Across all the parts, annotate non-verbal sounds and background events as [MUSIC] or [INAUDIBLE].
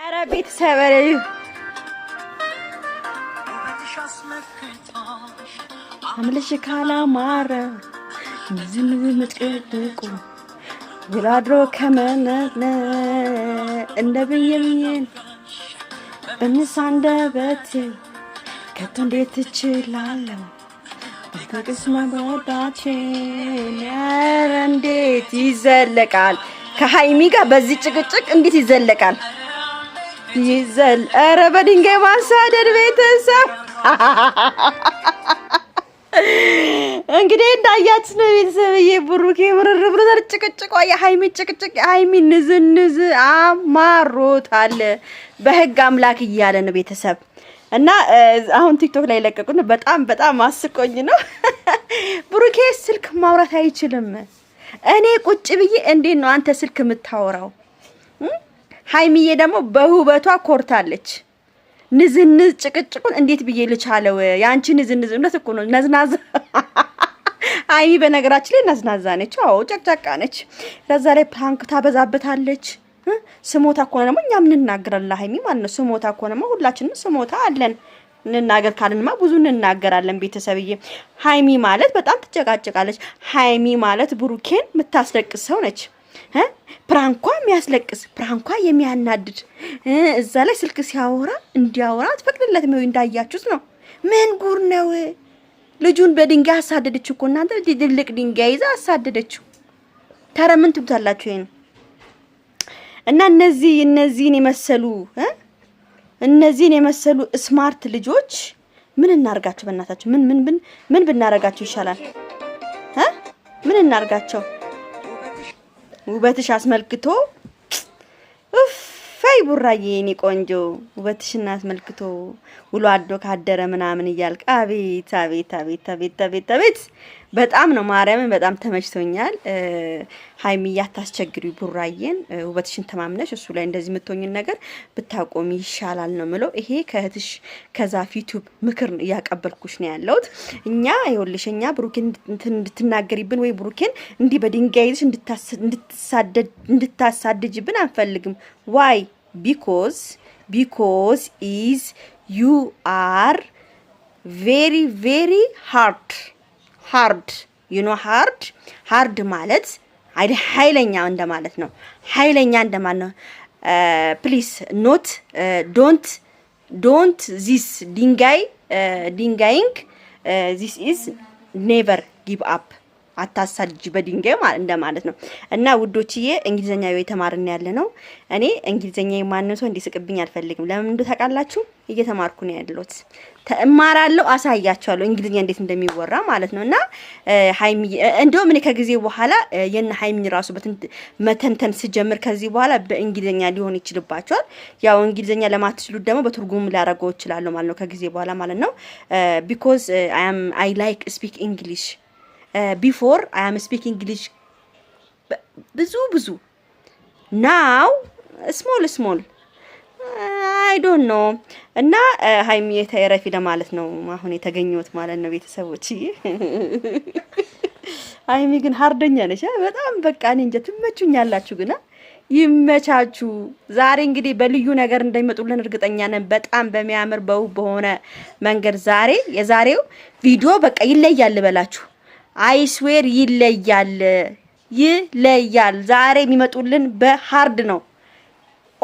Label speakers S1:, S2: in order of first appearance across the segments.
S1: ኧረ ቤተሰብ አምልሽ ካላማረ ዝምዝም ጭቁ ውላድሮ ከመነነ እንደ ብይብይን እንስ እንደበት ከቶ እንዴት ትችላለሁ በቅስ መወዳቼ ኧረ እንዴት ይዘለቃል ከሀይሚ ጋር በዚህ ጭቅጭቅ እንዴት ይዘለቃል? ይዘል ኧረ በድንጋይ ማሳደድ ቤተሰብ እንግዲህ እንዳያችሁ ነው ቤተሰብዬ። ብሩኬ ምርር ብሎ ጭቅጭቋ የሀይሚ ጭቅጭቅ የሀይሚ ንዝንዝ አማሮታል። በህግ አምላክ እያለ ነው ቤተሰብ እና አሁን ቲክቶክ ላይ ለቀቁ ነው። በጣም በጣም አስቆኝ ነው። ብሩኬ ስልክ ማውራት አይችልም። እኔ ቁጭ ብዬ እንዴት ነው አንተ ስልክ የምታወራው? ሀይሚዬ ደግሞ በውበቷ ኮርታለች። ንዝንዝ ጭቅጭቁን እንዴት ብዬ ልቻለው? የአንቺ ንዝንዝ እውነት እኮ ነው ነዝናዝ [LAUGHS] ሀይሚ በነገራችን ላይ ነዝናዛ ነች። አዎ ጨቅጫቃ ነች። ከዛ ላይ ፕራንክ ታበዛበታለች። ስሞታ ከሆነ ደግሞ እኛም እንናገራለን። ሀይሚ ማለት ነው ስሞታ ከሆነማ ሁላችንም ስሞታ አለን። እንናገር ካለንማ ብዙ እንናገራለን። ቤተሰብዬ ሀይሚ ማለት በጣም ትጨቃጭቃለች። ሀይሚ ማለት ብሩኬን የምታስለቅስ ሰው ነች። ፕራንኳ የሚያስለቅስ ፕራንኳ የሚያናድድ እዛ ላይ ስልክ ሲያወራ እንዲያወራ ትፈቅድለት ነው። እንዳያችሁት ነው። ምን ጉር ነው? ልጁን በድንጋይ አሳደደችው እኮ እናንተ። ትልቅ ድንጋይ ይዛ አሳደደችው። ታረ ምን ትሉታላችሁ? ይሄን እና እነዚህ እነዚህን የመሰሉ እነዚህን የመሰሉ ስማርት ልጆች ምን እናርጋቸው? በእናታቸው ምን ምን ምን ብናረጋቸው ይሻላል? ምን እናርጋቸው? ውበትሽ አስመልክቶ ፈይ ቡራዬ፣ የኔ ቆንጆ ውበትሽን አስመልክቶ ውሎ አዶ ካደረ ምናምን እያልክ አቤት አቤት አቤት አቤት አቤት አቤት በጣም ነው ማርያምን በጣም ተመችቶኛል። ሀይሚዬ አታስቸግሪ ቡራዬን፣ ውበትሽን ተማምነሽ እሱ ላይ እንደዚህ የምትሆኝን ነገር ብታቆሚ ይሻላል ነው ምለው። ይሄ ከእህትሽ ከዛ ፊቱብ ምክር እያቀበልኩሽ ነው ያለሁት። እኛ ይኸውልሽ እኛ ብሩኬን እንድትናገሪብን ወይ ብሩኬን እንዲህ በድንጋይ ይዘሽ እንድታሳድጅብን አንፈልግም። ዋይ ቢኮዝ ቢኮዝ ኢዝ ዩ አር ቬሪ ቬሪ ሃርድ ሃርድ ዩኖ ሃርድ ሃርድ ማለት አይደ ኃይለኛ እንደማለት ነው። ኃይለኛ እንደማለት ነው። ፕሊስ ኖት ዶንት ዶንት ዚስ ድንጋይ ድንጋይንግ ዚስ ኢዝ ኔቨር ጊቭ አፕ አታሳጅ በድንጋይ ማለት እንደማለት ነው። እና ውዶችዬ እንግሊዘኛ የተማርን ያለ ነው። እኔ እንግሊዘኛ የማንም ሰው እንዲስቅብኝ አልፈልግም። ለምን እንደ ታውቃላችሁ እየተማርኩ ነው ያለሁት። እማራለሁ፣ አሳያችኋለሁ እንግሊዘኛ እንዴት እንደሚወራ ማለት ነው። እና ሀይሚ እንደውም እኔ ከጊዜ በኋላ የነ ሀይሚን ራሱ መተንተን ስጀምር ከዚህ በኋላ በእንግሊዘኛ ሊሆን ይችልባቸዋል። ያው እንግሊዘኛ ለማትችሉት ደግሞ በትርጉም ላደርገው እችላለሁ ማለት ነው ከጊዜ በኋላ ማለት ነው ቢኮዝ አይ ላይክ ስፒክ እንግሊሽ ቢፎር አይ አም ስፒክ እንግሊሽ ብዙ ብዙ ናው ስሞል ስሞል አይ ዶንት ኖ እና ሀይሚ የተረፊ ለማለት ነው አሁን የተገኘሁት ማለት ነው። ቤተሰቦች [LAUGHS] ሀይሚ ግን ሀርደኛ ነች በጣም በቃ እኔ እንጃ ትመቹኛላችሁ። ግና ይመቻችሁ። ዛሬ እንግዲህ በልዩ ነገር እንደሚመጡልን እርግጠኛ ነን። በጣም በሚያምር በውብ በሆነ መንገድ ዛሬ የዛሬው ቪዲዮ በቃ ይለያል ልበላችሁ። አይስዌር ይለያል ይለያል። ዛሬ የሚመጡልን በሀርድ ነው።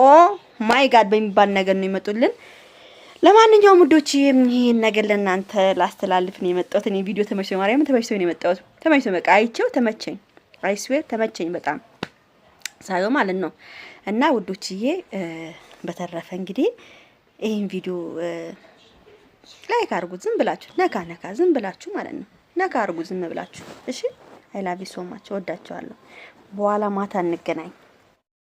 S1: ኦ ማይ ጋድ በሚባል ነገር ነው የሚመጡልን። ለማንኛውም ውዶች ይሄን ነገር ለእናንተ ላስተላልፍ ነው የመጣሁት። እኔ ቪዲዮ ተመችቶኝ ማርያም ተመችቶኝ ነው የመጣሁት። ተመችቶኝ በቃ አይቼው ተመቸኝ። አይስዌር ተመቸኝ በጣም ሳየው ማለት ነው። እና ውዶችዬ በተረፈ እንግዲህ ይህን ቪዲዮ ላይክ አድርጉት። ዝም ብላችሁ ነካ ነካ ዝም ብላችሁ ማለት ነው ነገ አርጉ ዝም ብላችሁ። እሺ፣ አይላቪ ሶማች ወዳችኋለሁ። በኋላ ማታ እንገናኝ።